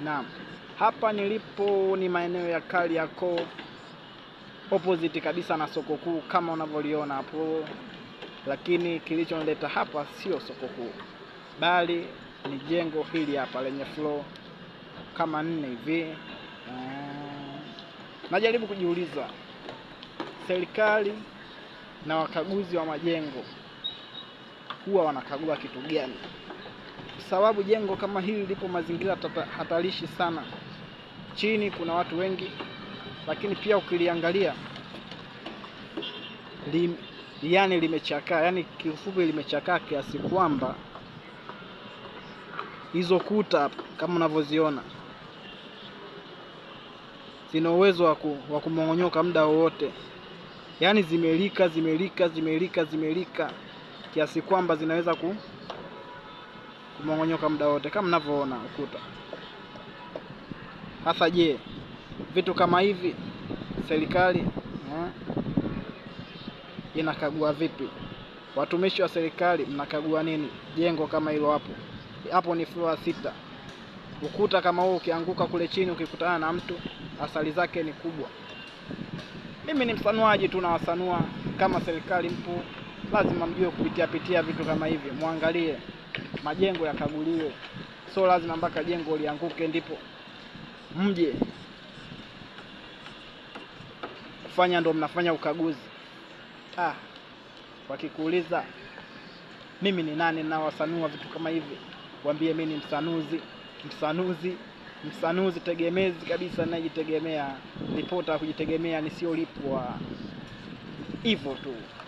Naam, hapa nilipo ni maeneo ya Kariakoo opposite kabisa na soko kuu kama unavyoliona hapo, lakini kilichonileta hapa sio soko kuu, bali ni jengo hili hapa lenye floor kama nne hivi. Najaribu kujiuliza serikali na wakaguzi wa majengo huwa wanakagua kitu gani? sababu jengo kama hili lipo mazingira hatarishi sana, chini kuna watu wengi, lakini pia ukiliangalia lim, yani limechakaa, yani kiufupi limechakaa kiasi kwamba hizo kuta kama unavyoziona zina uwezo wa kumong'onyoka muda wowote, yaani zimelika zimelika zimelika zimelika kiasi kwamba zinaweza ku kumong'onyoka muda wote kama mnavyoona ukuta. Hasa je, vitu kama hivi serikali eh, inakagua vipi? Watumishi wa serikali mnakagua nini? Jengo kama hilo hapo hapo ni floor sita, ukuta kama huo ukianguka kule chini, ukikutana na mtu, athari zake ni kubwa. Mimi ni msanuaji tu, nawasanua kama serikali mpo, lazima mjue kupitia pitia vitu kama hivi, mwangalie majengo yakaguliwe, so lazima mpaka jengo lianguke ndipo mje kufanya, ndo mnafanya ukaguzi. Ah, wakikuuliza mimi ni nani wasanua vitu kama hivi, waambie mimi ni msanuzi, msanuzi msanuzi tegemezi kabisa, najitegemea, ripota kujitegemea, nisiolipwa hivyo tu.